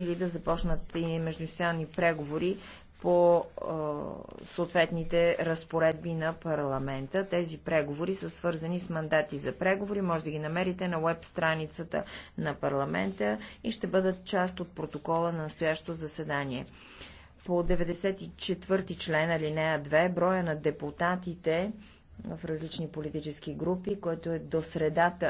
или да започнат и междуинституционални преговори по е, съответните разпоредби на парламента. Тези преговори са свързани с мандати за преговори. Може да ги намерите на веб страницата на парламента и ще бъдат част от протокола на настоящото заседание. По 94 ти член, алинея 2, броя на депутатите в различни политически групи, който е до средата